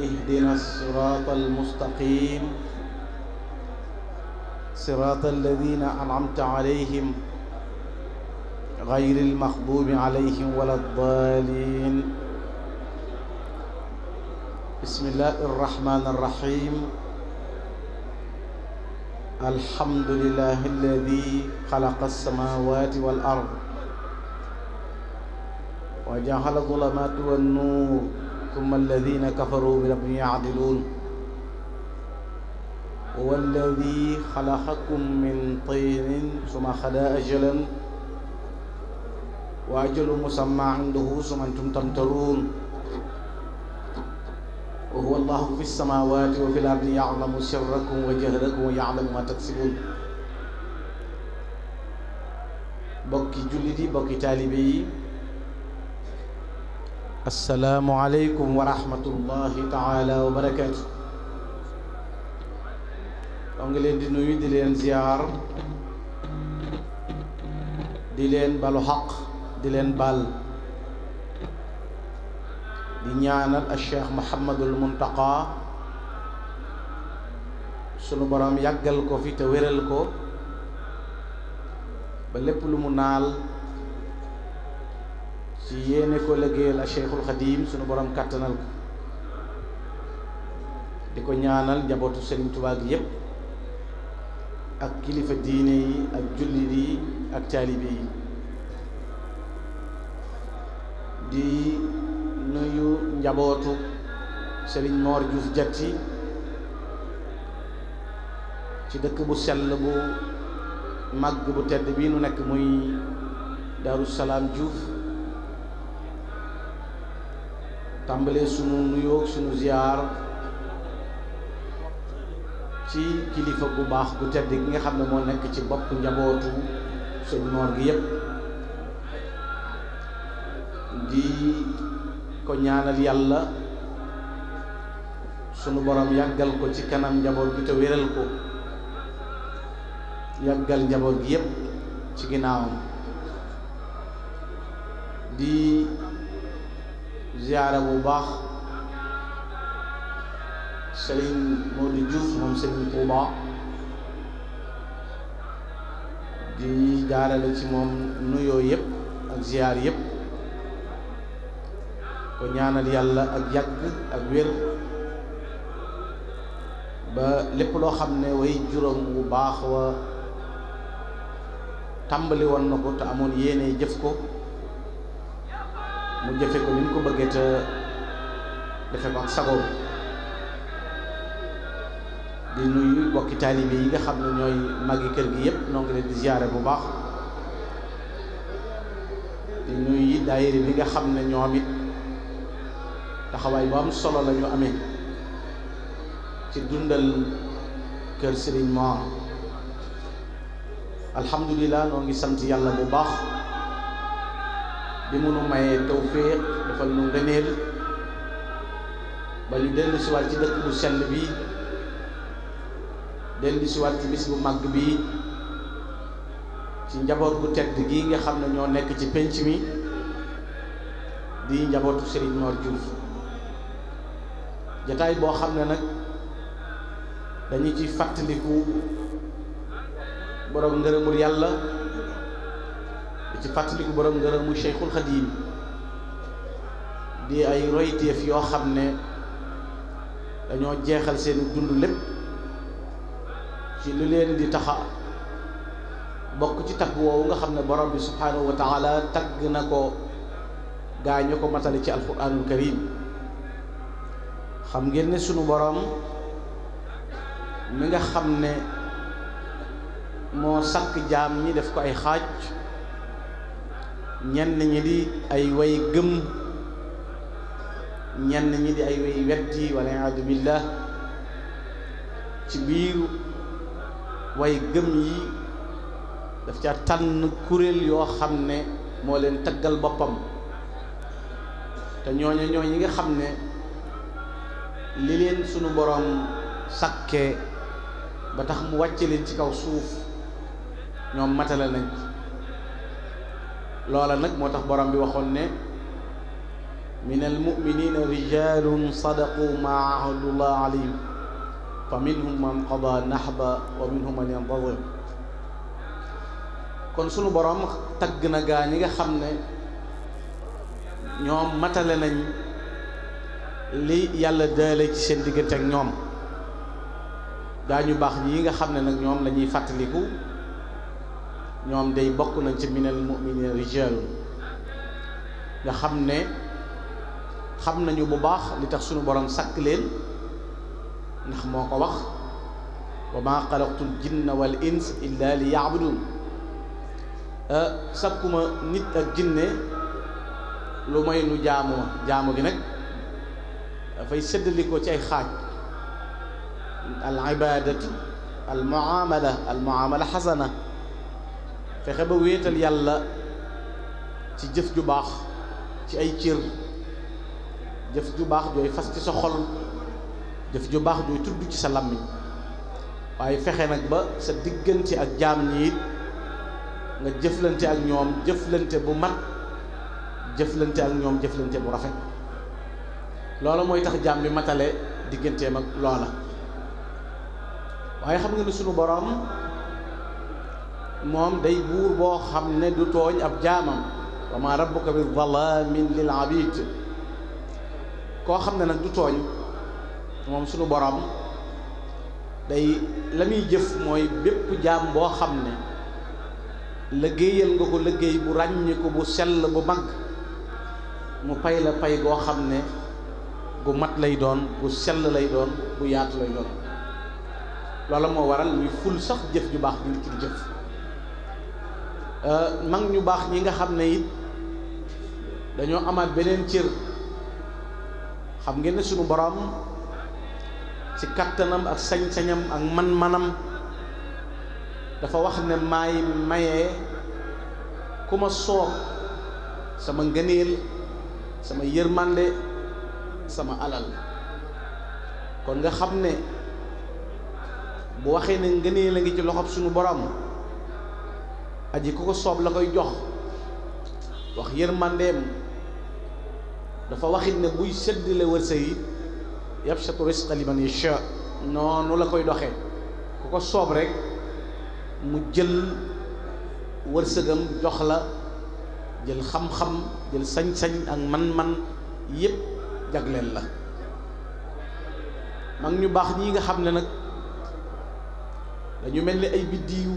اهدنا الصراط المستقيم صراط الذين أنعمت عليهم غير المغضوب عليهم ولا الضالين بسم الله الرحمن الرحيم الحمد لله الذي خلق السماوات والأرض وجعل الظلمات والنور ثم الذين كفروا بربهم يعدلون هو الذي خلقكم من طين ثم خلا أجلا وأجل مسمى عنده ثم أنتم تمترون وهو الله في السماوات وفي الأرض يعلم سركم وجهركم ويعلم ما تكسبون بكي جلدي بكي تالبي السلام عليكم ورحمة الله تعالى وبركاته. أنجلين دنيوي دلين زيار دلين بالحق دلين بال دنيانا الشيخ محمد المنتقى سنو برام يقل كو في تويرل كو بلبلو منال ci yéene ko liggéeyal a Cheikhul Xadim sunu borom kàttanal ko di ko ñaanal njabootu Serigne Touba gi yépp ak kilifa diine yi ak jullit yi ak taalibe yi di nuyu njabootu Serigne Mor Diouf Diatty ci dëkk bu sell bu màgg bu tedd bii nu nekk muy Darou Salaam Diouf tàmbalee sunu nuyoo sunu ziyaar ci kilifa bu baax gu tedd ki nga xam ne moo nekk ci bopp njabootu sëñ Mor gi yépp di ko ñaanal yàlla sunu boroom yàggal ko ci kanam njaboot gi te wéral ko yàggal njaboot gi yépp ci ginnaawam di ziyaara bu baax sëriñ Modou Diouf moom sëriñ Touba di jaarale ci moom nuyoo yëpp ak ziyaar yëpp ko ñaanal yàlla ak yàgg ak wér ba lépp loo xam ne way juróom wu baax wa tàmbali woon na ko te amoon yéene jëf ko mu jëfe ko ni mu ko bëggee te defe ko ak sagoom di nuyu bokki taalibe yi nga xam ne ñooy màggi kër gi yëpp noo ngi leen di ziyaare bu baax di nuyu daayira bi nga xam ne ñoom it taxawaay bu am solo lañu amee ci dundal kër Serigne Mor alhamdulilah noo ngi sant yàlla bu baax bi mënu nu mayee tawféex defal nu ngëneel ba ñu dellu siwaat ci dëkk bu sell bi dellu siwaat ci bis bu màgg bi ci njaboot bu tedd gi nga xam ne ñoo nekk ci pénc mi di njabootu Serigne Mor jataay boo xam ne nag dañu ci fàttaliku borom ngërëmul yàlla ci fàttaliku borom ngërëm mu Cheikhul Khadim di ay royteef yoo xam ne dañoo jeexal seeni dund lépp ci lu leen di taxa bokk ci tagg woowu nga xam ne borom bi subhaanahu wa tagg na ko gaañu ko matale ci alquranul karim xam ngeen ne sunu borom mi nga xam ne moo sàkk jaam ñi def ko ay xaaj ñenn ñi di ay way gëm ñenn ñi di ay way weddi wala iyaadu ci biir way gëm yi daf ca tànn kuréel yoo xam ne moo leen taggal boppam te ñooñu ñooñu ñi nga xam ne li leen sunu boroom sakke ba tax mu wàcce leen ci kaw suuf ñoom matale nañ لولا نك موتاخ بروم بي واخون ني من المؤمنين رجال صدقوا ما عهد الله عليهم فمنهم من قضى نحبا ومنهم من ينتظر كون سونو بروم تاغ نا غا نيغا خامني نيوم ماتال ناني لي يالا دالا سي سين ديغنت نيوم غا نيو باخ نيغا خامني نك نيوم لا نيي ñom day bokku nañ ci minal mu'minin rijal nga xamne ne xam nañu bu baax li tax suñu borom sak leen ndax moko wax wa maa xalaqtul jinna wal ins illa liya'budun euh sakuma nit ak jinne lu may nu jaamu jaamu gi nak fay seddeliko ci ay xaj al ibadatu al muamala al muamala hasana fexe ba wéetal yàlla ci jëf ju baax ci ay cër jëf ju baax jooy fas ci sa xol jëf ju baax jooy tudd ci sa làmmiñ waaye fexe nag ba sa diggante ak jaam ñi nga jëflante ak ñoom jëflante bu mat jëflante ak ñoom jëflante bu rafet loola mooy tax jaam bi matale digganteem ak loola waaye xam nga ne sunu boroom moom day buur boo xam ne du tooñ ab jaamam wa ma rabbuka bi zalaamin lil abid koo xam ne nag du tooñ moom sunu borom day la muy jëf mooy bépp jaam boo xam ne liggéeyal nga ko liggéey bu ràññiku bu sell bu mag mu pay la pay goo xam ne gu mat lay doon gu sell lay doon bu yaatu lay doon loolu moo waral muy ful sax jëf ju baax bi nit ki di jëf Euh, mag ñu baax ñi nga xam ne it dañoo amaat beneen cër xam ngeen ne sunu borom ci kattanam ak sañ-sañam ak man-manam dafa wax ne maay mayee ku ma soob sama ngëneel sama yërmande sama alal kon nga xam ne bu waxee ne ngëneel a ngi ci loxob sunu borom aji ku ko soob la koy jox wax yërmandeem dafa waxit ne buy séddale wërsëg yi yabsatu risqa liman yasha noonu la koy doxe ku ko soob rek mu jël wërsëgam jox la jël xam-xam jël sañ-sañ ak man-man yépp jagleen la mag ñu baax ñi nga xam ne nag dañu mel ni ay biddiiw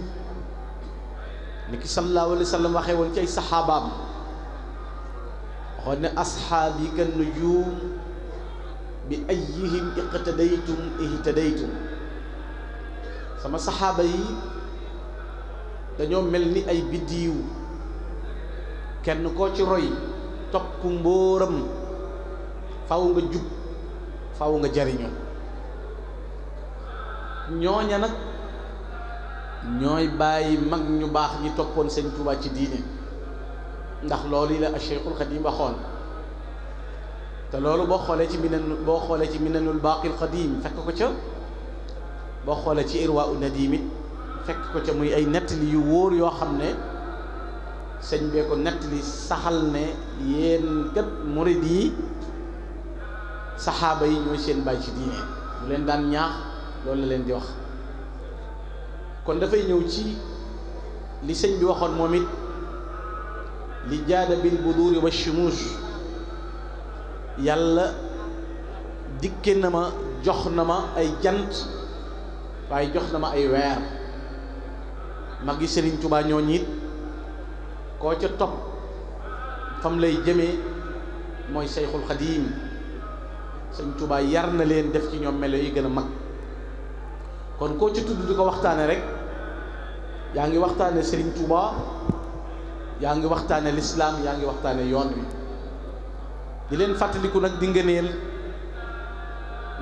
ni ki sallallahu alayhi wa sallam waxee woon ci ay saxaabaam waxoon ne asxaabi kan nujum bi ayihim iqtadaytum ihtadaytum sama saxaaba yi dañoo mel ni ay biddiiw kenn koo ci roy topp mbóoram faw nga jub faw nga jariñu ñooña nag ñooy bàyyi mag ñu baax ñi toppoon sëñ Tuuba ci diine ndax loolu yi la Cheikhul Xadim waxoon te loolu boo xoolee ci minan boo xoolee ci minanul baaqil qadim fekk ko ca boo xoolee ci irwa u nadim it fekk ko ca muy ay nettali yu wóor yoo xam ne sëñ bee ko nettali saxal ne yéen kat murid yi saxaaba yi ñooy seen bàyyi ci diine bu leen daan ñaax loolu la leen di wax kon da fay ñëw ci li sëñ bi waxon momit li jada bil budur wa shumush yàlla dikke na ma jox na ma ay jant way jox na ma ay weer ma gi señ Tuubaa ñoo ñiit koo ca topp fam lay jeme moy Seyxul Xadiim sëñ Tuubaa yar na len def ci ñom melo yi gëna mag kon koo ci tudd di ko waxtaane rek yaa ngi waxtaane Serigne Touba yaa ngi waxtaane lislaam yaa ngi waxtaane yoon wi di leen fàttaliku nag di ngëneel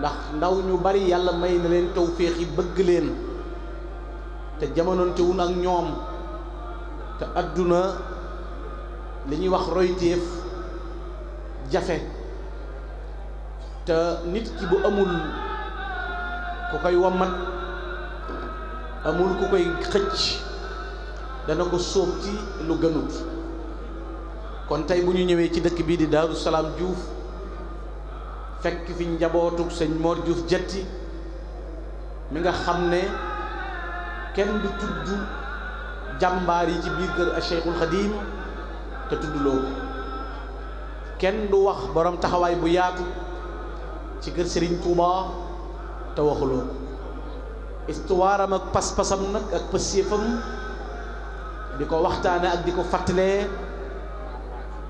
ndax ndaw ñu bari yàlla may na leen tawféex yi bëgg leen te jamonoontewun ak ñoom te àdduna li ñuy wax royteef jafe te nit ki bu amul ku koy wommat amul ku koy xëcc dana ko sóob ci lu gënut kon tey bu ñu ñëwee ci dëkk bii di Daaru Salaam Juuf fekk fi njabootu sëñ Mor Juuf Jetti mi nga xam ne kenn du tudd jàmbaar yi ci biir kër a Cheikhul Xadim te tuddloo ko kenn du wax boroom taxawaay bu yaatu ci kër Serigne Touba te waxuloo ko istuwaaram ak pas-pasam nag ak pësséefam di ko waxtaane ak di ko fàttalee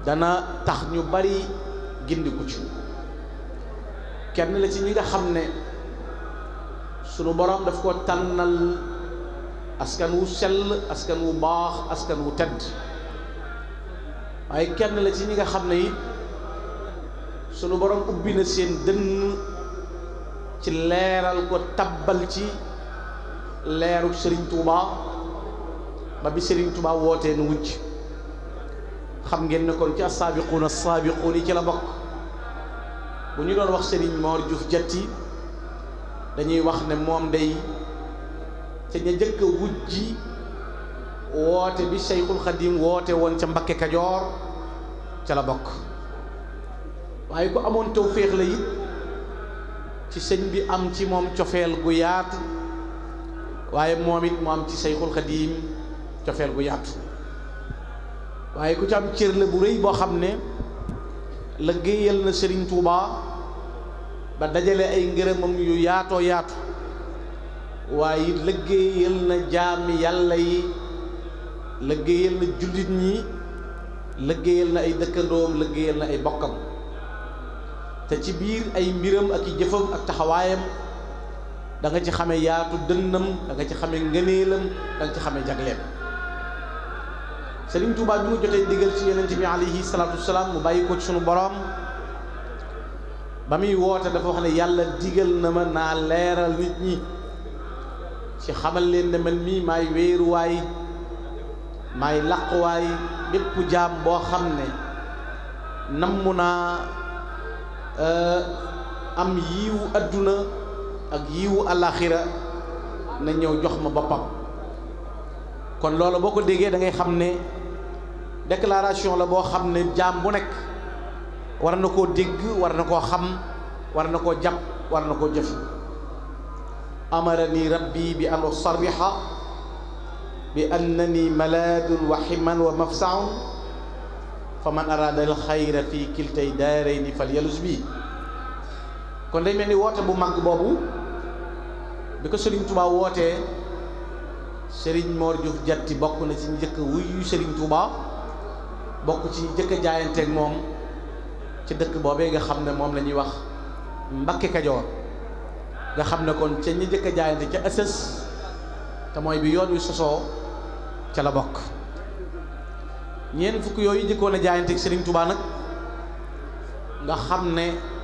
dana tax ñu bari gindiku ci kenn la ci ñi nga xam ne sunu boroom daf ko tànnal askan wu sell askan wu baax askan wu tedd waaye kenn la ci ñi nga xam ne it sunu boroom ubbi na seen dënn ci leeral ko tabbal ci leeru Serigne Touba ba bi Serigne Touba wote nu wujj xam ngeen ne kon ci as-saabiquun as-saabiquun yi ci la bok bu ñu doon wax Serigne Mor juuf jatti dañuy wax ne mom day ci ñe jëk wujj wote bi Cheikhul Khadim wote won ci mbacke kadior ci la bok waye ko amone tawfiq la yi ci sëñ bi am ci mom ciofel gu yaatu waye momit mo am ci Seyxul khadim tiofel gu yatt waye ku ci am cër bu reuy bo xamne ne liggéeyal na serigne touba ba dajale ay ngërëmam yu yaatoo waye waaye liggéeyal na jaami yàlla yi liggéeyal na julit ñi liggéeyal na ay dekkandom dëkkandoom liggéeyal na ay bokkam te ci biir ay mbiram ak i ak taxawayam da nga ci xamee yaatu dënnam nga ci xamee ngëneelam da ci xamee jagleem Sëriñ Tuubaa bi mu jotee digal ci yonent bi alayhi salaatu mu bàyyi ko ci sunu boroom ba muy woote dafa wax ne yàlla digal na ma naa leeral nit ñi ci xamal leen ne man mii maay wéeruwaay maay làquwaay bépp jaam boo xam ne namm naa euh, am yiiwu adduna ak yiwu alakhirah na ñëw jox ma bopam kon loolu boko ko da ngay xamné déclaration la bo xamné jam bu nek war nako koo dégg war nako xam war nako koo jàpp war nako koo jëf amarani rabbi bi an usarriha bi annani malaadun wa himan wa mafsaun faman arada al xayra fi kiltay daarayni falyalus kon day mel ni woote bu mag boobu bi ko Serigne Touba wootee Serigne Mor Diouf bokk na ci njëkk wuyu Serigne Touba bokk ci njëkk jaayanteeg moom ci dëkk boobee nga xam ne moom lañuy ñuy wax Mbakke Kajoor nga xam ne kon ca ñi njëkk jaayante ca ësës te mooy bi yoon wi sosoo ca la bokk ñeent fukk yooyu njëkkoon a jaayanteeg Serigne Touba nag nga xam ne.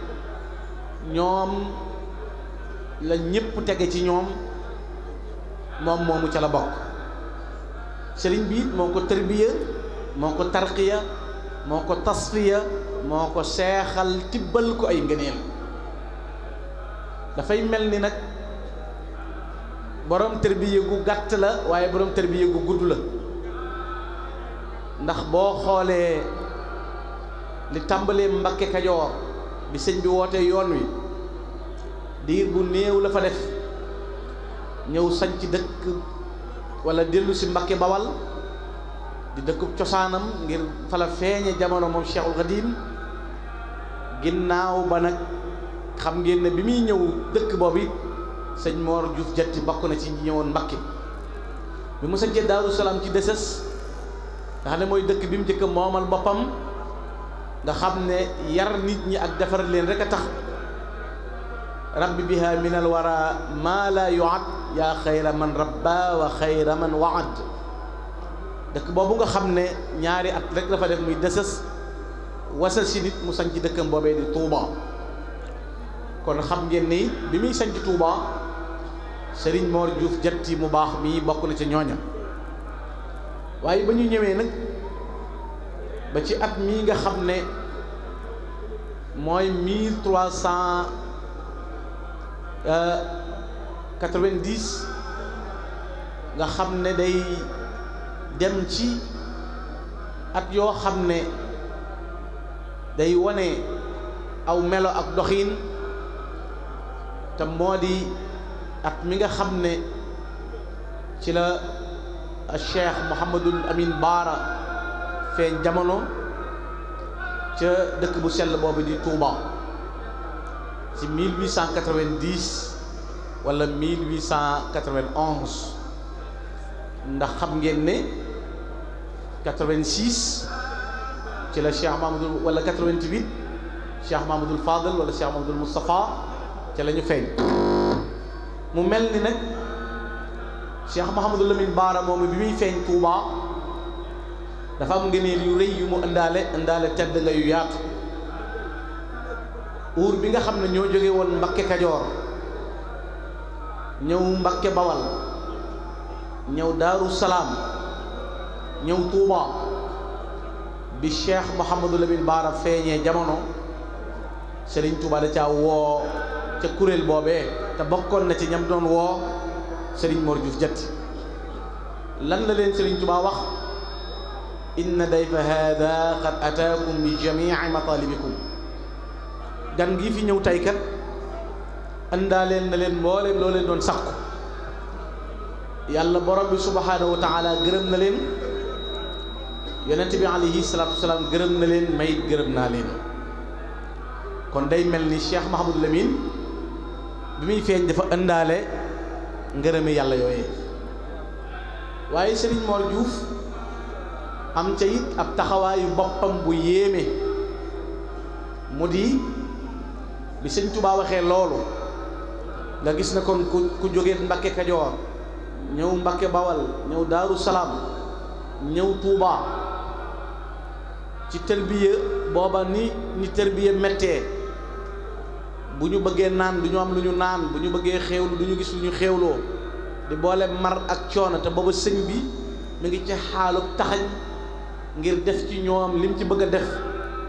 ñoom la ñépp tege ci ñoom moom moomu ca la bokk sëriñ bi moo ko tërbiya moo ko tarqiya moo ko tasfiya moo ko seexal tibbal ko ay ngëneel dafay mel ni nag borom tërbiya gu gàtt la waaye borom tërbiya gu gudd la ndax boo xoolee li tàmbalee Mbakke Kajoor bi sëñ bi wootee yoon wi diir bu néew la fa def ñëw sañ ci dëkk wala dellu si Mbakke Bawal di dëkkub cosaanam ngir fala la feeñe jamono moom Cheikhul Khadim ginnaaw ba nag xam ngeen ne bi muy ñëw dëkk boobu sëñ Mor Diouf Jatti bokk na ci ñëwoon Mbakke bi mu sañcee Daaru ci deses nga xam ne mooy dëkk bi mu njëkk moomal boppam da xamne yar nit ñi ak defar leen rek tax rabbi biha min al wara ma la yuad ya khayra man rabba wa khayra man waad dëkk bobu nga xamne ñaari at rek la fa def muy desës wasal si nit mu sanc dëkkam bobé di Touba kon xam ngeen ni bi muy sanc Touba Serigne Mor Diouf Diatty mu bax mi bokku na ci ñoña waye bañu ñëwé nak ba ci at mii nga xam ne mooy mille trois euh, nga xam ne day dem ci at yoo xam ne day wane aw melo ak doxin te moo di at mi nga xam ne ci la Cheikh Mouhamadul Amin Baara feeñ jamono ca dëkk bu sell boobu di Touba ci 1890 wala 1891 ndax xam ngeen ne 86 ci la Cheikh Mamadou wala 88 Cheikh Mamadou Fadel wala Cheikh Mamadou Moustapha ca la ñu mu melni nak Cheikh mohammed Lamine Baara momi bi muy feñ Touba. dafa am ngëneel yu rëy yu mu indaale indaale tedd nga yu yaatu uur bi nga xam ne ñoo jóge woon Mbakke Kajoor ñëw Mbakke Bawal ñëw Daaru Salaam ñëw Tuuba bi Cheikh Mouhamadou Lamine Baara feeñee jamono sëriñ Touba da caa woo ca kuréel boobe te bokkoon na ci ñam doon woo Serigne Mor Diouf Diatty lan la leen Serigne Touba wax إن ضيف هذا قد أتاكم بجميع مطالبكم جانغي في نيو تاي كات اندالين نالين مولين لولين دون ساكو يالا بروم بي سبحانه وتعالى غرم نالين يونتبي عليه الصلاه والسلام غرم نالين ميت غرم نالين كون داي ملني شيخ محمود لمين بيمي فين دافا اندالي غرمي يالا يوي واي سيرين مول جوف am ca it ab taxawaayu boppam bu yéeme mu di bi sëñ Tuubaa loolu nga gis ne kon ku ku jógee Mbakke Kajoor ñëw Mbakke Bawal ñëw Daaru Salaam ñëw Tuubaa ci tërbiya booba ni ni tërbiya méttee bu ñu bëggee naan du ñu am lu ñu naan bu ñu bëggee xéewlu du ñu gis lu ñu xéewloo di boole mar ak coono te booba sëñ bi mu ngi ci xaaluk taxañ ngir def ci ñoom lim ci bëgg a def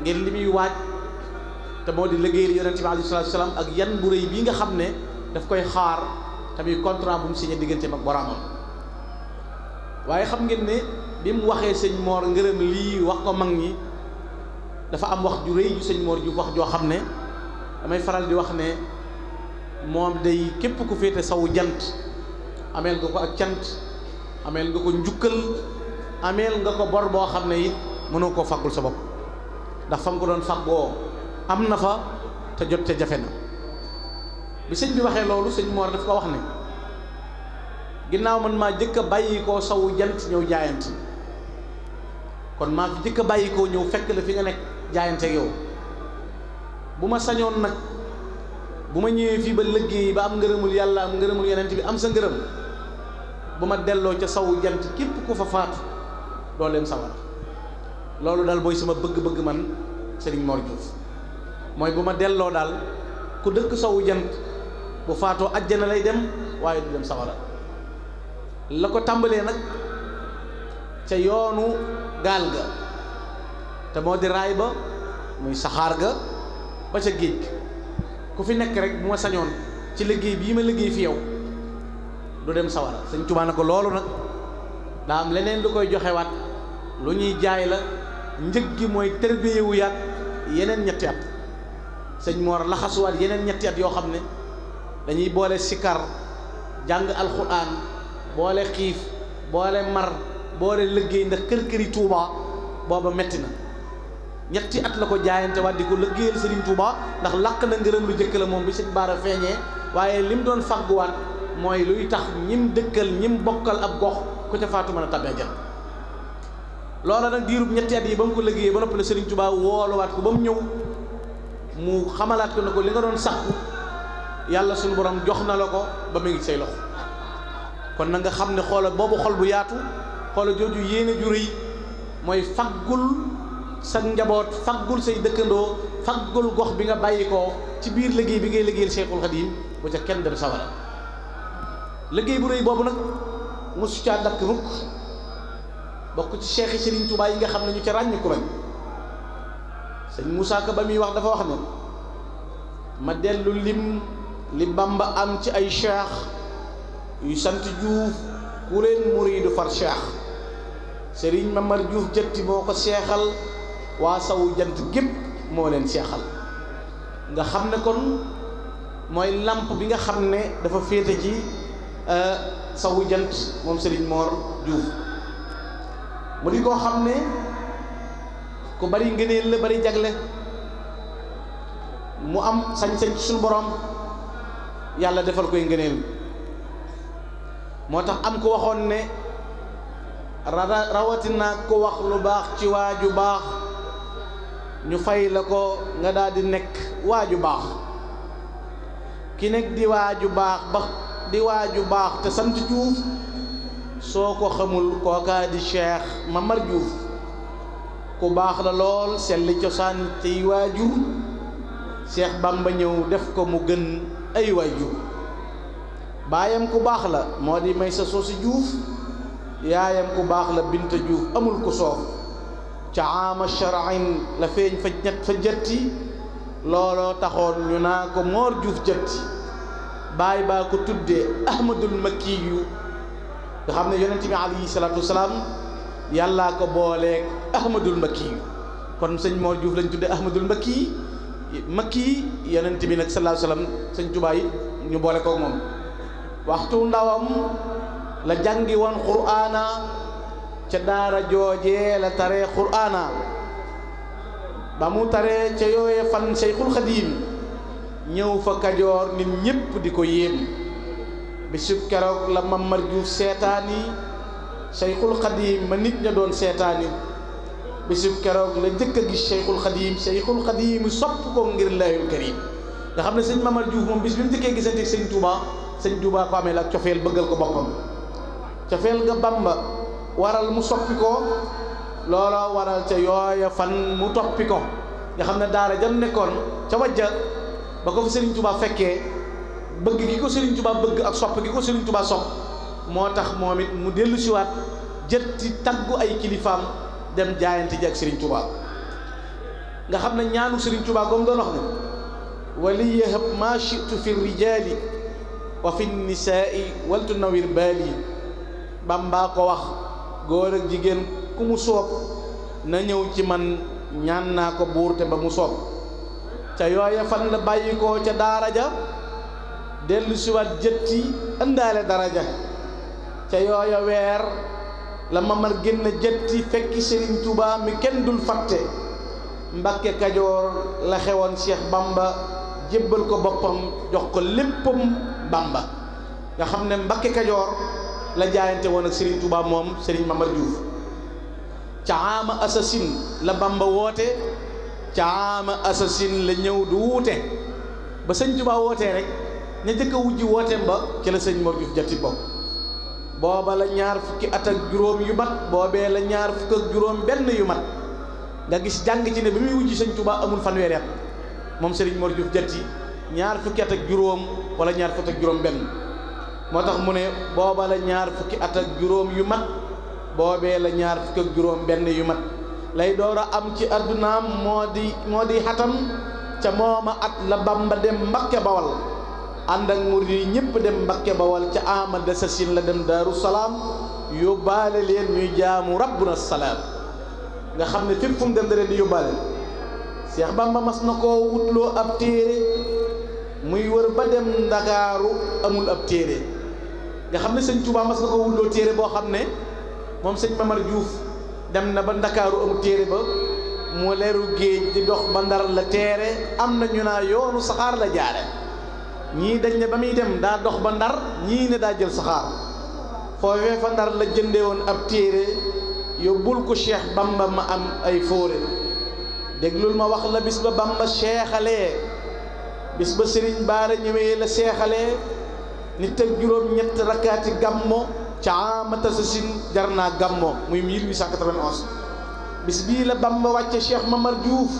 ngir li muy waaj te moo di liggéeyal yonente bi alayhi salatu salaam ak yan bu rëy bi nga xam ne daf koy xaar tamit contrat bu mu signé digganteem ak boromam waaye xam ngeen ne bi mu waxee sëñ moor ngërëm wax ko mag ñi dafa am wax ju rëy ju sëñ moor ju wax joo xam ne damay faral di wax ne moom day képp ku féete sawu jant ameel nga ko ak cant amel nga ko njukkal ameel nga ko bor boo xam ne it mënoo koo faggul sa bopp ndax fa ko doon faggoo am na fa te jot ca jafe na bi sëñ bi waxee loolu sëñ Moor daf ko wax ne ginnaaw man maa jëkk a bàyyi koo sawu jant ñëw jaayante kon maa fi jëkk a ñëw fekk la fi nga nekk jaayante yow bu ma sañoon nag bu ma ñëwee fii ba liggéey ba am ngërëmul yàlla am ngërëmul yonent bi am sa ngërëm bu ma delloo ca sawu jant képp ku fafaat dooleem sawar loolu daal booy sama bëgg-bëgg man Serigne Mor Diouf mooy bu ma delloo daal ku dëkk sowu jant bu faatoo ajjana lay dem waaye du dem sawara la ko tàmbalee nag ca yoonu gaal ga te moo di raay ba muy saxaar ga ba ca géej ku fi nekk rek bu ma sañoon ci liggéey bii ma liggéey fi yow du dem sawara Sëñ Tuubaa ko loolu nag daa leneen lu koy joxewaat lu ñuy jaay la njëg gi mooy tërbiyewu yaat yeneen ñetti at sëñ Mor laxasuwaat yeneen ñetti at yoo xam ne dañuy boole sikar jàng alxuraan boole xiif boole mar boole liggéey ndax kër këri Touba booba metti na ñetti at la ko jaayante waat di ko liggéeyal sëriñ ndax làq na ngërëm lu jëkk la moom bi sëñ Baara feeñee waaye lim doon fagguwaat mooy luy tax ñim dëkkal ñim bokkal ab gox ku ca faatu mën a tabbee jën loola nag diirub ñetti at yi ba mu ko liggéeyee ba noppi la Serigne Touba wooluwaat ko ba mu ñëw mu xamalaat ko ne ko li nga doon sàkku yàlla suñu borom jox na la ko ba mu ngi say loxo kon na nga xam ne xoola boobu xol bu yaatu xoola jooju yéene ju rëy mooy faggul sa njaboot faggul say dëkkandoo faggul gox bi nga bàyyi ko ci biir liggéey bi ngay liggéeyal Cheikhul Khadim bu ca kenn dem sawara liggéey bu rëy boobu nag mosu caa dakk mukk bokk ci cheikh Serigne Touba yi nga xam ne ñu ca ràññiku lañ sëñ Moussa Ka ba muy wax dafa wax ne ma dellu lim li Bamba am ci ay cheikh yu sant Diouf ku leen muridu far cheikh Serigne Mamar Diouf jëtti moo ko seexal waa sawu jant gépp moo leen seexal nga xam ne kon mooy làmp bi nga xam ne dafa féete ji sawu jant moom Serigne Mor Diouf mu di koo xam ne ku bari ngëneel la bari jagle mu am sañ-sañ ci borom yàlla defal koy ngëneel moo tax am ko waxoon ne rawatina ko wax lu baax ci waaju baax ñu fay la ko nga daal di nekk waaju baax ki nekk di waaju baax ba waa ju baax te sant Juuf soo ko xamul kookaa di Cheikh Mamar Juuf ku baax la lool selli cosaan tey waajur Cheikh Bamba ñëw def ko mu gën ay waaju baayam ku baax la moo di may Maysa Soosi Juuf yaayam ku baax la bint Juuf amul ku soof ca ama sharain la feeñ fa ñett fa jëtti looloo taxoon ñu naa ko Moor Juuf jëtti baay baa ko tuddee ahmadul makki yu xam ne yonent bi alayhi salaatu wasalaam yàllaa ko booleeg ahmadul makki yu kon sëñ moo Diouf lañ tuddee ahmadul makki makki yonent bi nag sallallahu alayhi wasallam sëñ Tuubaa ñu boole koog moom waxtu ndawam la jàngi woon quraana ca daara joojee la taree quraana ba mu taree ca yooye fan Seyxul Xadiim ñëw fa kajoor nit ñépp di ko yéem bisub keroog la Mamar Juuf seetaani Seyxul Xadiim ma nit ña doon seetaani bisub keroog la jëkk a gis Seyxul Xadiim Seyxul Xadiim sopp ko ngir layul karim nga xam ne sëñ Mamar Juuf moom bis bi mu jëkkee gisante ak sëñ Tuubaa sëñ Tuubaa ko amee ak cofeel bëggal ko boppam cofeel ga Bàmba waral mu soppi ko looloo waral ca yooya fan mu toppi ko nga xam ne daara jam nekkoon ca wajja ba ko fi Serigne Touba fekkee ya. bëgg gi ko Serigne Touba bëgg ak sopp gi ko Serigne Touba sopp moo tax moom mu dellu siwaat jët ci taggu ay kilifaam dem jaayante ji Serigne Touba nga xam ñaanu Serigne Touba comme doon wax ne wali yahab ma shitu fi rijaali wa fi nisaai nawir bali Bamba ko wax ah, góor ak jigéen ku mu na ñëw ci man ñaan ko ba mu ca yooya fan la bàyyikoo ca daara ja dellu siwaat jëtti ëndaale ja ca yooya weer la mamal génn jëtti fekki Serigne Touba mi kenn dul fatte Mbàkke Kajoor la xewoon Cheikh Bamba jébbal ko boppam jox ko léppam Bamba nga xam ne Mbàkke Kajoor la jaayante woon ak Serigne Touba moom Serigne Mamar Diouf ca ama assasine la Bamba woote caama assasine la ñëw du wuute ba sëñ Tuubaa wootee rek ña jëkk a wujji wooteem ba ci la sëñ Mor Juuf Jatti bokk booba la ñaar fukki atak ak juróom yu mat boobee la ñaar fukk juróom benn yu mat nga gis jàng ci ne bi muy wujji sëñ Tuubaa amul fanweeri at moom sëriñ Mor Juuf Jatti ñaar fukki at juróom wala ñaar fukki at juróom benn moo tax mu ne booba la ñaar fukki at juróom yu mat boobee la ñaar fukk ak juróom benn yu mat lay door a am ci àddunaam moo di moo di xatam ca mooma at la Bamba dem Mbakke Bawal ànd ak murid yi ñëpp dem Mbakke Bawal ca amada sa sin la dem Daaru Salaam yóbbaale leen ñuy jaamu rabbuna salaam nga xam ne fépp fu dem da leen di yóbbaale Seex Bamba mas na koo wutloo ab téere muy wër ba dem Ndakaaru amul ab téere nga xam ne sëñ Tuubaa mas na koo wutloo téere boo xam ne moom sëñ Mamar Diouf dem na ba ndakaaru am téere ba mu leeru géej di dox ba ndar la teere am na ñu naa yoonu saxaar la jaare ñii dañ ne ba muy dem daa dox ba ndar ñii ne daa jël saxaar foofee fa ndar la jënde woon ab téere yóbbul ko cheikh bamba ma am ay fóore déglul ma wax la bis ba bamba seexalee bis ba sëriñ baara ñëwee la seexalee nit ak juróom ñett rakkaati gàmmo ca matasasin jar naa gàmmoo muy 1891 bis bii la Bamba wàcce Cheikh Mamar Diouf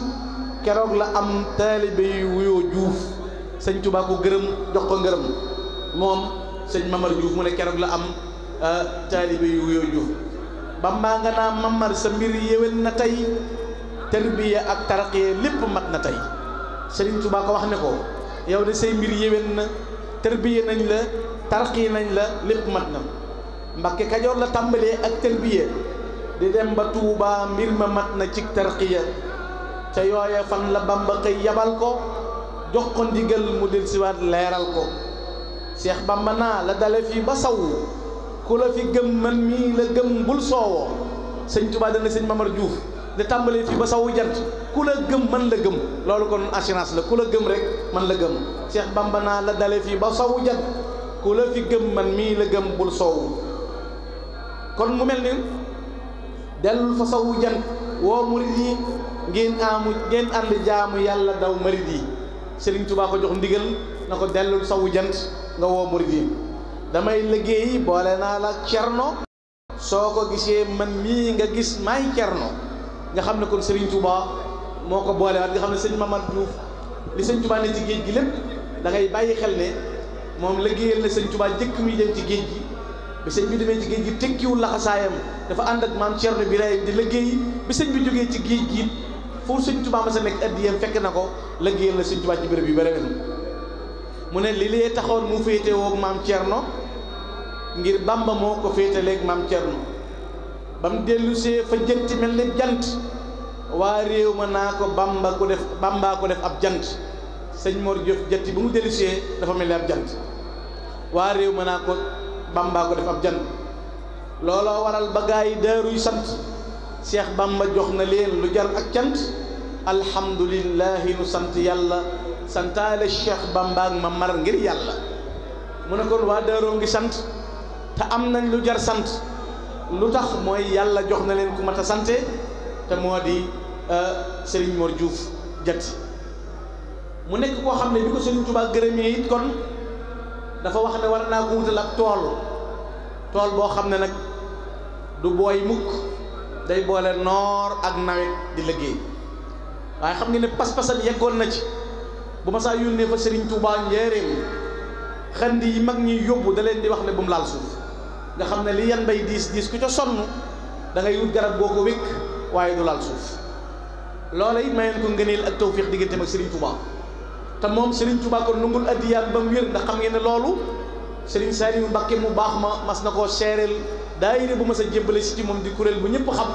keroog la am taalibe yu wuyoo Diouf sëñ Tuubaa gërëm jox ko ngërëm moom sëñ Mamar Diouf mu ne keroog la am euh, taalibe yu wuyoo Diouf Bamba nga naa Mamar sa mbir yéwén na tey tarbiya ak tarqiya lépp mat na tey sëriñ Tuubaa wax ne ko yow de say mbir yéwén na tarbiya nañ la tarqiya nañ la lépp mat na Mbakke Kajoor la tàmbalee ak tëlbiya di dem ba Touba mbir ma mat na cig tarqiya ca yooye fan la Bamba xëy yabal ko jox ko ndigal mu del siwaat leeral ko Cheikh Bamba naa la dale fii ba saw ku la fi gëm man mii la gëm bul soowoo sëñ Touba dana sëñ Mamar Diouf da tàmbalee fii ba sawu jat ku la gëm man la gëm loolu kon assurance la ku la gëm rek man la gëm Cheikh Bamba naa la dale fii ba sawu jant ku la fi gëm man mii la gëm bul soowu kon mu mel ni dellul fa sowwu jant woo murid yi ngeen amu ànd jaamu yàlla daw marid yi Sëriñ Tuubaa ko jox ndigal na ko dellul sowwu jant nga woo murid yi damay liggéey boole naa la cerno soo ko gisee man mii nga gis maay cerno nga xam ne kon Sëriñ Tuubaa moo ko boole waat nga xam ne sëñ Mamad Diouf li sëñ Tuubaa ne ci géej gi lépp da bàyyi xel ne moom liggéeyal na sëñ Tuubaa jëkk muy dem ci géej gi bi sëñ bi demee ci géej gi tekkiwul laxasaayam dafa ànd ak maam Thierno Birahim di liggéey bi sëñ bi jógee ci géej gi fu sëñ Tuubaa ma sa nekk addiyam fekk na ko liggéeyal na sëñ Tuubaa ci béréb yu bëri mu ne li lee taxoon mu féete woog maam Thierno ngir Bàmba moo ko féetaleeg maam Thierno ba mu dellu see fa jënti mel ne jant waa réew ma naa ko Bàmba ko def Bàmbaa ko def ab jant sëñ moor Diop jëtti ba mu dellu see dafa mel ne ab jant waa réew ma naa ko. bàmbaa ko def ab jant looloo waral ba gaa yi daaruy sant seex bàmba jox na leen lu jar ak cant alhamdulillahi nu sant yàlla santaale seex bàmba ak ma mar ngir yàlla mu ne kon waa daaroo ngi sant te am nañ lu jar sant lu tax mooy yàlla jox na leen ku mat a sante te moo di euh, Serigne Mor Diouf jati mu nekk koo xam ne bi ko Serigne Touba gërëmee it kon dafa wax ne war naa ko wutal ak tool tool boo xam ne nag du booy mukk day boole noor ak nawet di liggéey waaye xam nga ne pas-pasam yeggoon na ci bu ma saa yónnee fa Serigne Touba njéeréem xënd yi mag ñi yóbbu da leen di wax ne bu mu laal suuf nga xam ne li yan bay diis diis ku ca sonn da ngay wut garab boo ko wékk waaye du laal suuf loola it mayeen ko ngëneel ak tawfiix digganteem ak Serigne Touba. te moom Serigne Touba ko nungul addiyaam ba mu wér ndax xam ngeen ne loolu Serigne Saliou Mbacké mu baax ma mas na koo seereel daa daayira bu mas a jébbale si ci moom di kuréel bu ñëpp xam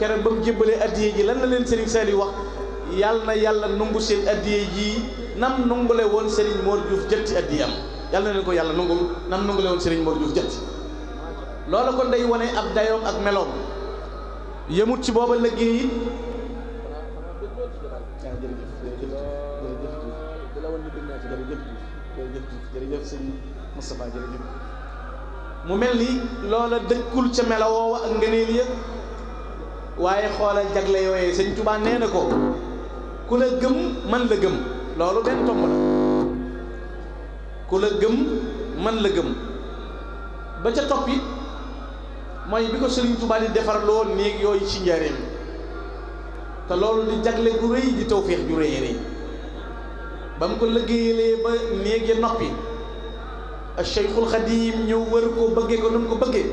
keroog ba mu jébbalee addiya ji lan la leen Serigne Saliou wax yàlla na yàlla nungu seen addiya ji nam nungule woon Serigne Mor Diouf jëtti addiyaam yàlla na leen ko yàlla nungul nam nungule woon Serigne Mor Diouf jëtti loolu kon day wane ab dayoom ak meloom yëmut ci booba liggéey it jërëjëf jërëjëf jërëjëf mu mel ni loola dëkkul ca mela woowa ak ngëneel ya waaye xoolal jagle yooyee sëñ Tuubaa nee na ko ku la gëm man la gëm loolu benn tomb la ku la gëm man la gëm ba ca topp it mooy bi ko sëriñ Tuubaa di defarloo néeg yooyu ci njaareem te loolu di jagle gu rëy di tawféex ju rëy rëy ba mu ko liggéeyalee ba néeg ya noppi ak Cheikhul Xadim ñëw wër ko bëgge ko nu ko bëggee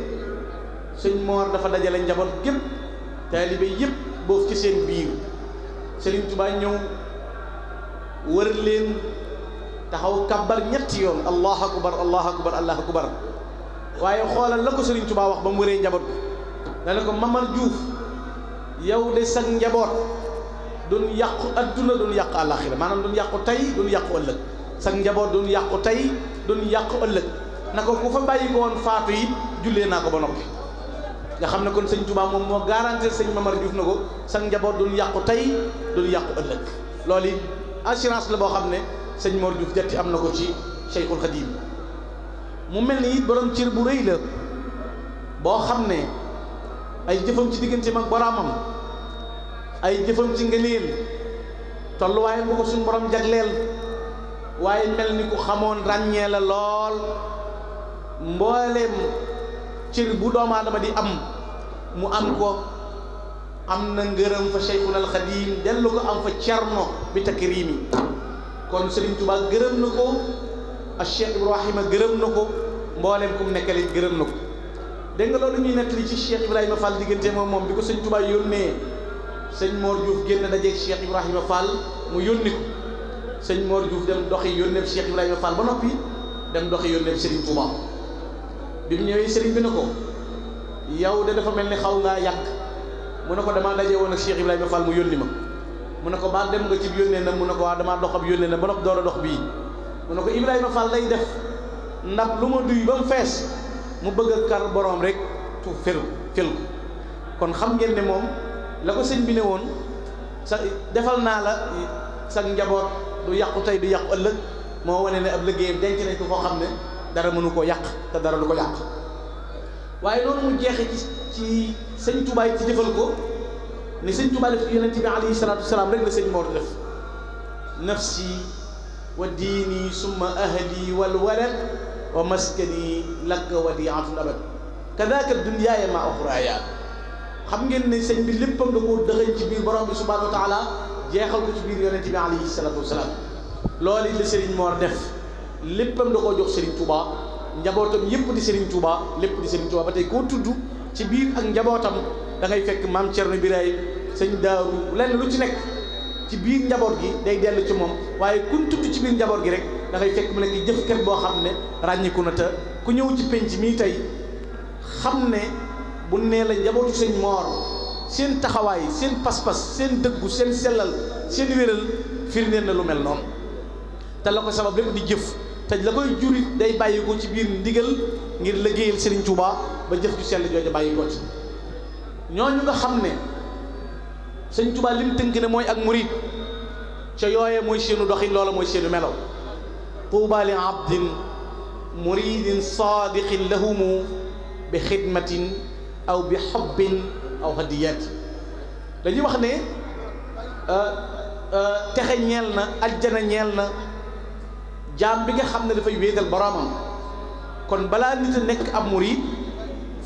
sëñ Moor dafa dajale njaboot gépp taalibe yépp boof ci seen biir Sëriñ Tuubaa ñëw wër leen taxaw kabbar ñetti yoon allahu akbar allahu akbar allahu akbar waaye xoolal la ko Sëriñ Tuubaa wax ba mu wëree njaboot bi dana ko Mamar Diouf yow de sag njaboot duñ yàqu adduna duñ yàqu àllaaxira maanaam duñ yàqu tey duñ yàqu ëllëg sa njaboot duñ yàqu tey duñ yàqu ëllëg na ko ku fa bàyyi ko woon faatu yi jullee naa ko ba noppi nga xam ne kon sëñ Tuubaa moom moo garantir sëñ Mamar Juuf na ko sa njaboot duñ yàqu tey duñ yàqu ëllëg loolu it assurance la boo xam ne sëñ Mor Juuf jatti am na ko ci Cheikhul Khadim mu mel ni it borom cër bu rëy la boo xam ne ay jëfam ci digganteem ak boroomam ay jëfam ci ngëneel tolluwaayam bu ko suñ borom jagleel waaye mel ni ku xamoon ràññee la lool mbooleem cër bu doomu aadama di am mu am ko am na ngërëm fa Cheikhuna al ko am fa cerno bi takrimi kon Serigne Touba gërëm na a Cheikh Ibrahima gerem na ko kum ku mu nekkal it na ko dégg nga loolu ñuy nettali ci Cheikh Ibrahima Fall Serigne Touba sëñ Mor Diouf génn dajeeg Cheikh Ibrahima Fall mu yónni ko sëñ moor Diouf dem doxi yónneeb Cheikh Ibrahima Fall ba noppi dem doxi yónneeb Serigne Touba bi mu ñëwee Serigne bi ne ko yow de dafa mel ni xaw ngaa yàq mu ne ko damaa daje woon ak Cheikh Ibrahima Fall mu yónni ma mu ne ko ba dem nga cib yónnee na mu ne ko waa damaa dox ab yónnee na ba noppi door a dox bii mu ne ko Ibrahima Fall lay def ndax lu ma duy ba mu fees mu bëgg a kar boroom rek tu fel fel xam ngeen ne moom. lako ko sëñ bi newon sa defal na la sa njabot du yakku tay du yakku ëllëg mo wone ne ab liggéey denc nañ ko fo xamne dara mënu ko yak ta dara lu ko yak waye non mu jexé ci ci sëñ touba ci defal ko ni sëñ touba def ci yonent bi alayhi salaatu wasalaam rek la sëñ Mor def nafsi wa dini summa ahli wal walad wa maskani lakka wadiatun abad kadaaka dunyaaya ma oxraaya xam ngeen ne sëñ bi léppam da koo dëxëñ ci biir borom bi subhanahu wa taala jeexal ko ci biir yonente bi alayhi salatu wasalaam loolu it la sëriñ Mor def léppam da koo jox sëriñ Touba njabootam yépp di sëriñ Touba lépp di sëriñ Touba ba tey koo tudd ci biir ak njabootam da ngay fekk maam Thierno Biraye sëñ Daaru lenn lu ci nekk ci biir njaboot gi day dellu ci moom waaye kun tudd ci biir njaboot gi rek da ngay fekk mu nekk jëfkat boo xam ne ràññiku na te ku ñëw ci penc mii tey xam n bu ne la njabootu sëñ mor seen taxaway seen pass pass seen dëggu seen selal seen wéral firne na lu mel non ta la ko sabab lépp di jëf ta la koy jurit day bayiko ci bir ndigal ngir liggéeyal Serigne Touba ba jëf ju sel jojo bayiko ko ci ñooñu nga xamne ne sëñ Touba lim teunk ne moy ak mourid ca yoyé moy seenu doxi loola moy seenu melaw tuuba li abdin مريد صادق لهم بخدمه أو بحب أو هديات دانيو واخ ني ا تخي نيلنا الجنا نيلنا جام بيغا خامن دا فاي ويدال برامام كون بلا نيت نيك اب مريد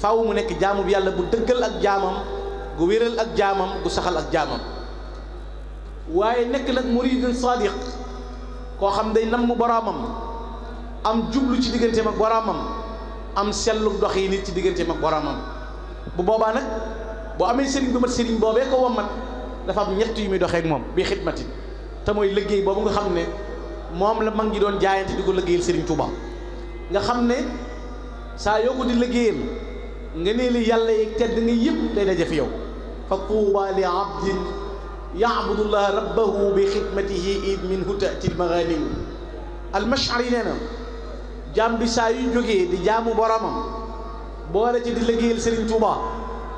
فاو مو نيك جام بي يالا بو دغال اك جامام غو ويرال اك جامام غو سخال اك جامام واي نيك نك مريد صادق كو خام داي نام برامام ام جوبلو سي ديغنتي ما برامام ام سيلو دوخي نيت سي ديغنتي ما برامام bu boobaa nag boo amee sëriñ bu mat sëriñ boobee ko wommat dafa am ñett yu muy doxeek moom bii xidmati te mooy liggéey boobu nga xam ne moom la mag ngi doon jaayante di ko liggéeyal sëriñ Touba nga xam ne saa yoo ko di liggéeyal nga ne li yàlla yi tedd nga yëpp day daje fi yow fa tuuba li abdin yaabudullah rabbahu bi xidmatihi id minhu tatil maganim almashar yi nee na jaam bi saa yu jógee di jaamu boromam boole ci di liggéeyal Serigne Touba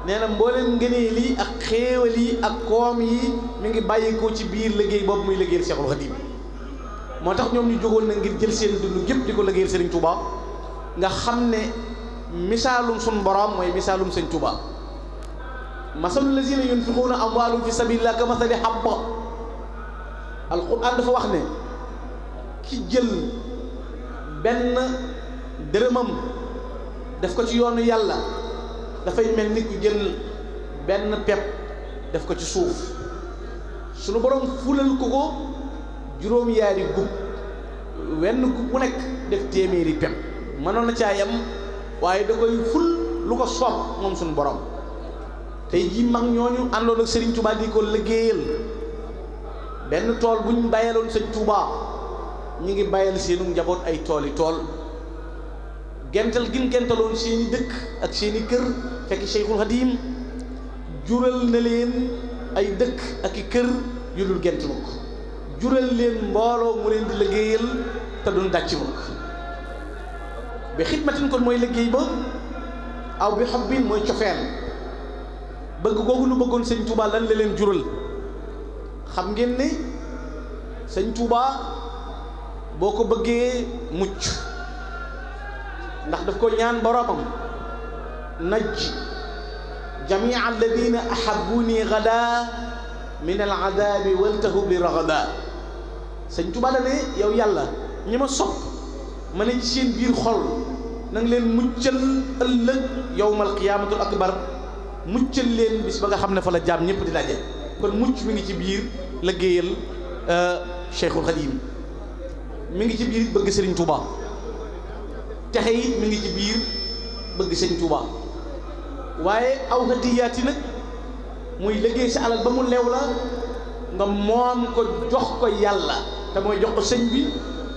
nee na mboolem ngëneel yi ak xéewal yi ak koom yi mu ngi bàyyi ko ci biir liggéey boobu muy liggéeyal Cheikhul Khadim moo tax ñoom ñu jógoon na ngir jël seen dund gépp di ko liggéeyal Serigne Touba nga xam ne misaalum sun borom mooy misaalum Serigne Touba masalul lazina yunfiquuna amwaalum fi sabilillah ka masali habba alquran dafa wax ne ki jël benn dërëmam def ko ci yoonu yàlla dafay mel ni ku jël benn pepp def ko ci suuf sunu borom fulal ko ko juróom-yaari gub wenn gub bu nekk def téeméeri pepp mënoon na caa yem waaye da koy ful lu ko soob moom sunu borom tey jii mag ñooñu àndoon ak Serigne Touba di ko liggéeyal benn tool bu ñu bàyyaloon sëñ Touba ñu ngi bàyyal seenu njaboot ay tooli tool. gental gim gentaloon seeni dëkk ak seeni kër fekk Cheikhul Xadim jural na leen ay dëkk ak i kër yu dul gent mukk jural leen mbooloo mu leen di liggéeyal te duñ dàcc mukk bi xidmatin kon mooy liggéey ba aw bi xob mooy cofeel bëgg googu nu bëggoon sëñ Touba lan la leen jural xam ngeen ne sëñ Touba boo ko bëggee mucc ndax daf ko ñaan boromam najj jamia alladhina ahabbuni ghada min al'adabi adabi waltahu bi ragada sëñ tuba da ne yow yàlla ñima ma sopp ma ci seen bir xol nang leen muccel ëlëk yowmal qiyamatul akbar muccel leen bis ba nga xamne fa la jam ñëpp di dajje kon mucc mi ngi ci bir biir euh cheikhul khadim mi ngi ci bir bëgg sëriñ tuba texe yi mi ngi ci biir bëgg sëñ Tuubaa waaye aw hadiyaati nag muy liggéey sa alal ba mu lew la nga moom ko jox ko yàlla te mooy jox ko sëñ bi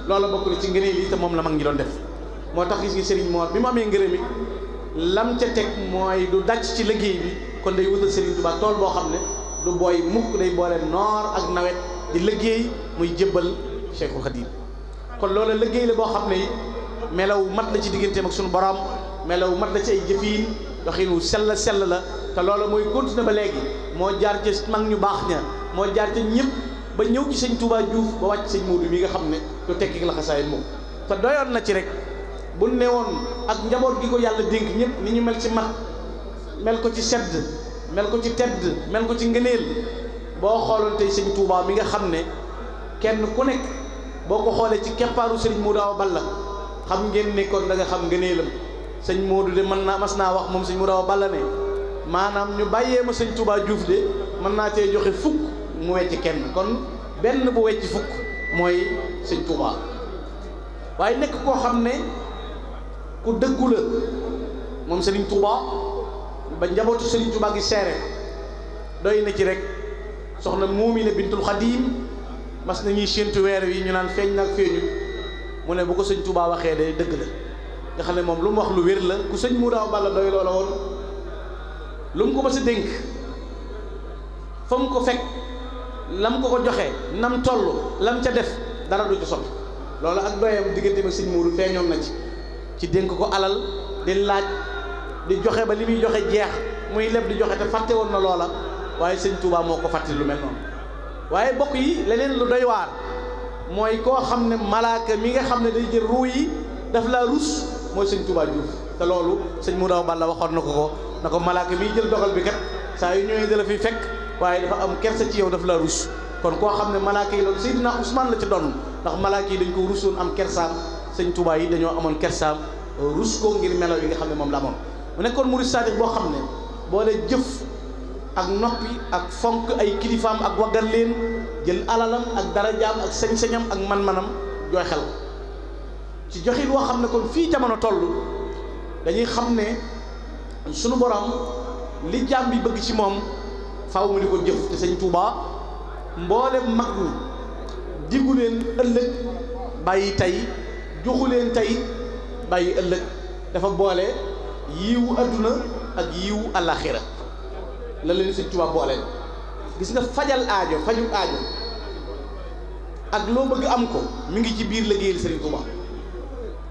loola bokk ci ngëneel yi te moom la mag ngi doon def moo tax gis nga sëriñ Moor bi mu amee ngërëm it lam ca teg mooy du daj ci liggéey bi kon day wutal sëriñ Tuubaa tool boo xam ne du booy mukk day boole noor ak nawet di liggéey muy jébbal Cheikhul Khadim kon loola liggéey la boo xam ne melaw mat la ci digganteem ak sunu borom melaw mat la ci ay jëfiin doxin sell sell la te loolu mooy continuer ba léegi moo jaar ca mag ñu baax ña moo jaar ca ñëpp ba ñëw ci sëñ Touba Diouf ba wàcc sëñ Moodu mi nga xam ne du tekki la xasaay moom te doyoon na ci rek bu ne woon ak njaboot gi ko yàlla dénk ñëpp ni ñu mel ci mat mel ko ci sedd mel ko ci tedd mel ko ci ngëneel boo xooloon tey sëñ Touba mi nga xam ne kenn ku nekk boo ko xoolee ci keppaaru sëriñ Moodu Awa Balla xam ngeen ne kon da nga xam sañ sëñ du de mën naa mas naa wax moom sëñ Mouraw Balla ne maanaam ñu bàyyee ma sëñ Touba Diouf de mën naa cee joxe fukk mu wecc kenn kon benn bu wecc fukk mooy sëñ Touba waaye nekk koo xam ne ku dëggu la moom sëriñ Touba ba njabootu sëriñ Touba gi seere doy na ci rek soxna Muumine Bintul Xadiim mas nañuy séentu weer wi ñu naan feeñ nag feeñu mu ne bu ko sëñ Touba waxee day dëgg la nga xam ne moom lu mu wax lu wér la ku sëñ Mourao Balla doy loola woon lu mu ko mës a dénk fa mu ko fekk lam ko ko joxe nam toll lam ca def dara du ci loolu ak doyam diggante ma sëñ Mourou feeñoon na ci ci dénk ko alal di laaj di joxe ba li muy joxe jeex muy leb di joxe te fàtte woon na loola waaye sëñ Touba moo ko fàtte lu mel noonu waaye bokk yi leneen lu doy waar. mooy koo xam ne malaaka mi nga xam ne day jël ruu yi daf laa rus mooy sëñ Touba Diouf te loolu sëñ Mourao Balla waxoon na ko ko na ko malaaka miy jël dogal bi kat saa yu ñëwee dala fi fekk waaye dafa am kersa ci yow daf laa rus kon koo xam ne malaaka yi loolu Seydina Ousmane la ci doon ndax malaaka yi dañ ko rusoon am kersaam sëñ Touba yi dañoo amoon kersaam rus ko ngir melaw yi nga xam ne moom la amoon mu nekkoon murid sadiq boo xam ne boole jëf ak noppi ak fonk ay kilifaam ak waggal leen jël alalam ak darajaam ak sañ ak man-manam jooy xel ci joxit woo xam ne kon fii jamono toll dañuy xam ne sunu borom li jaam bi bëgg ci moom faaw mu di ko jëf te sëñ Tuubaa mboole mag ñi ëllëg bàyyi tey joxu leen tey bàyyi ëllëg dafa boole yiwu àdduna ak yiwu àllaaxira la leen sëñ Tuubaa boole gis nga fajal aajo fajul aajo ak loo bëgg am ko mi ngi ci biir liggéeyal sëriñ Tuubaa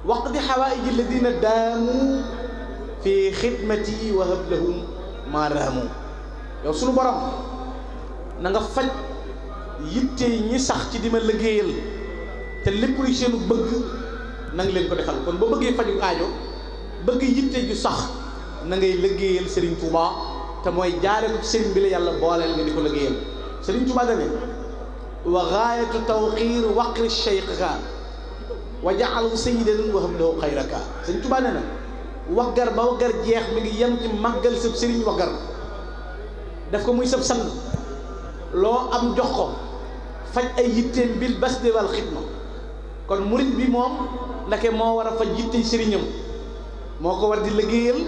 waqdi xawaaiji alladina daamu fi xidmati wa hablahum ma raamu yow sunu borom na faj yitte ñi sax ci di ma liggéeyal te lépp seenu bëgg na leen ko defal kon boo bëggee faju aajo bëgg yitte ju sax na ngay liggéeyal sëriñ Tuubaa تموي جارك سين بلي يلا بوال اللي نيكو لغيم سيرين توبا دني وغاية توقير وقر الشيخ غا وجعل سيد وهم له خيرك سيرين توبا دنا وغر ما وغر جيخ مي يم تي ماغال سب سيرين وغر دافكو موي سب سن لو ام جوخو فاج اي يتيم بيل بس دي والخدمه كون مريد بي موم لكن مو ورا فاج يتي سيرينم moko war di liggeyal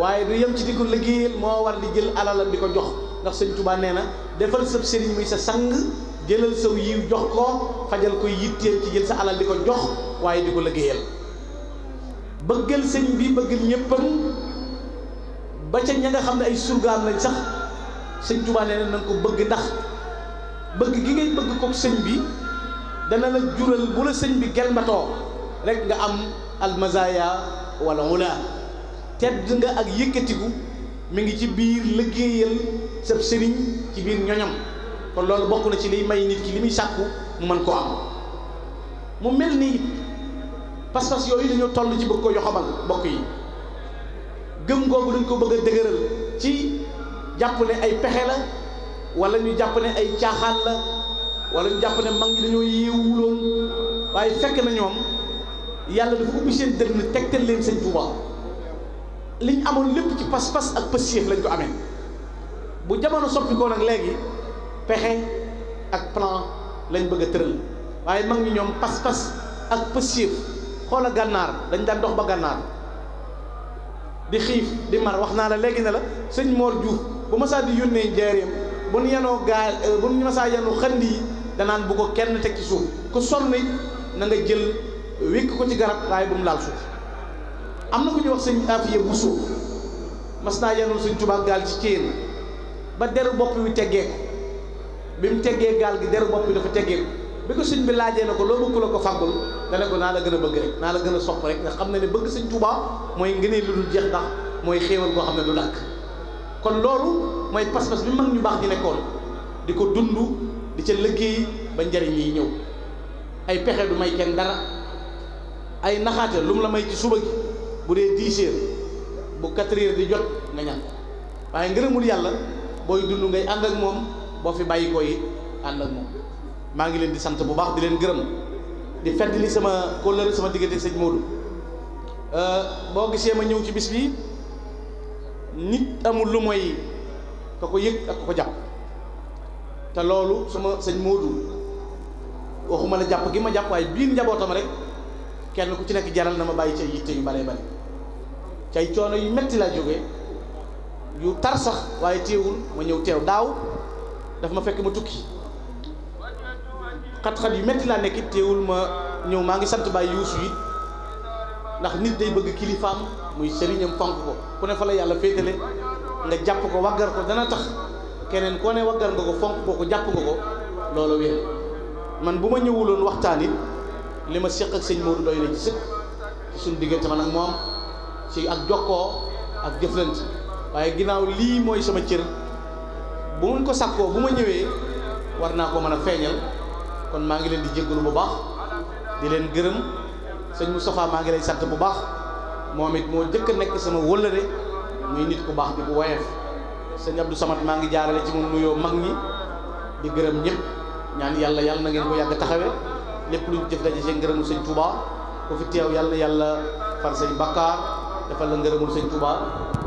waaye du yem ci di ko liggéeyal moo war di jël alalal di ko jox ndax sëñ Tuubaa nee na defal sab sëriñ muy sa sang jëlal saw yiw jox ko fajal koy yitteel ci jël sa alal di ko jox waaye di ko liggéeyal bëggal sëñ bi bëggal ñëppam ba ca ña nga xam ne ay surgaam lañ sax sëñ Tuubaa nee na nga ko bëgg ndax bëgg gi ngay bëgg ko sëñ bi dana la jural bu la sëñ bi gelmatoo rek nga am almazaya wala wula tedd nga ak yékkatiku mi ngi ci biir liggéeyal sa sëriñ ci biir ñoñam kon loolu bokk na ci liy may nit ki li muy sàkku mu mën koo am mu mel ni pas-pas yooyu dañoo toll ci bëgg ko yoxamal bokk yi gëm googu dañ ko bëgg a dëgëral ci jàpp ne ay pexe la wala ñu jàpp ne ay caaxaan la walla ñu jàpp ne mag ñi dañoo yeewuloon waaye fekk na ñoom yàlla dafa ubbi seen dënn tegtal leen sëñ Tuubaa liñ ñu amoon lépp ci pas-pas ak pësiyëf lañ ko amee bu jamono soppikoo nag léegi pexe ak plan lañ bëgg a tëral waaye mag ñi ñoom pas-pas ak pësiyëf xool a gànnaar dañ daan dox ba gànnaar di xiif di mar wax naa la léegi ne la sëñ Mor Diouf bu masaa di yónnee njaareem bu nu yenoo gaal euh, bu nu masaa yenu xand yi danaan bu kenn teg ci suuf ku sonn na jël wékk ko ci garab waaye bu mu laal suuf am na ku ñuy wax sëñ bu buso mas naa yanul sëñ Tuubaa gaal ci céen ba deru bopp bi teggee ko bi mu teggee gaal gi deru bopp bi dafa teggee ko bi ko sëñ bi laajee na ko loo bëgg la ko fàggul da ne ko naa la gën a bëgg rek naa la gën a sopp rek nga xam ne ne bëgg sëñ Tuubaa mooy ngëneel lu dul jeex ndax mooy xeewal boo xam ne du dàkk kon loolu mooy pas-pas bi mag ñu baax di nekkoon di ko dund di ca liggéey ba njariñ yi ñëw ay pexe du may kenn dara ay naxaate lu la may ci suba gi bu dee dix heures bu quatre di jot nga ñaan waaye ngërëmul yàlla booy dund ngay ànd ak moom boo fi bàyyi ko it ànd ak moom maa ngi leen di sant bu baax di leen gërëm di feddali sama kóllëre sama diggante sëñ Modou euh, boo gisee ma ñëw ci bis bi nit amul lu mooy ka ko yëg ak ka ko jàpp te loolu sama sëñ Modou waxuma la jàpp gi ma jàpp waaye biir njabootam rek kenn ku ci nekk jaral na ma bàyyi ci yitte yu bare bare cay coono yu metti laa jógee yu tar sax waaye téewul ma ñëw teew daaw daf ma fekk ma tukki xat-xat yu metti laa nekkit téewul ma ñëw maa ngi sant baay yuusu yi ndax nit day bëgg kilifaam muy sëriñam fonk ko ku ne fa la yàlla féetale nga jàpp ko waggar ko dana tax keneen koo ne waggar nga ko fonk ko ko jàpp nga ko loola wér man bu ma ñëwuloon waxtaan it li ma séq ak sëñ Modou doy na ci sëkk ci suñu diggante man ak moom si ak jokkoo ak different, waaye ginnaaw lii mooy sama cër bu warna ko sakkoo bu ma war ko kon maa ngi leen di jéggalu bu baax di leen gërëm sëñ Moustapha maa ngi lay sant bu baax moom it sama wëllëre muy nit ku baax di ku woyef sëñ Abdou Samad maa ngi jaarale ci moom nuyoo mag ñi di gërëm ñëpp ñaan yàlla yàlla na ngeen ko yàgg taxawe lépp lu jëf daje seen Touba fi far defal la ngërëmul sëñ Touba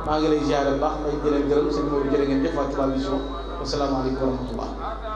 maa ngi lay ziare bu baax ay jërë ngërëm sëñ Modou jërë ngeen jëf waa Touba Vision wasalaamaaleykum wa rahmatullah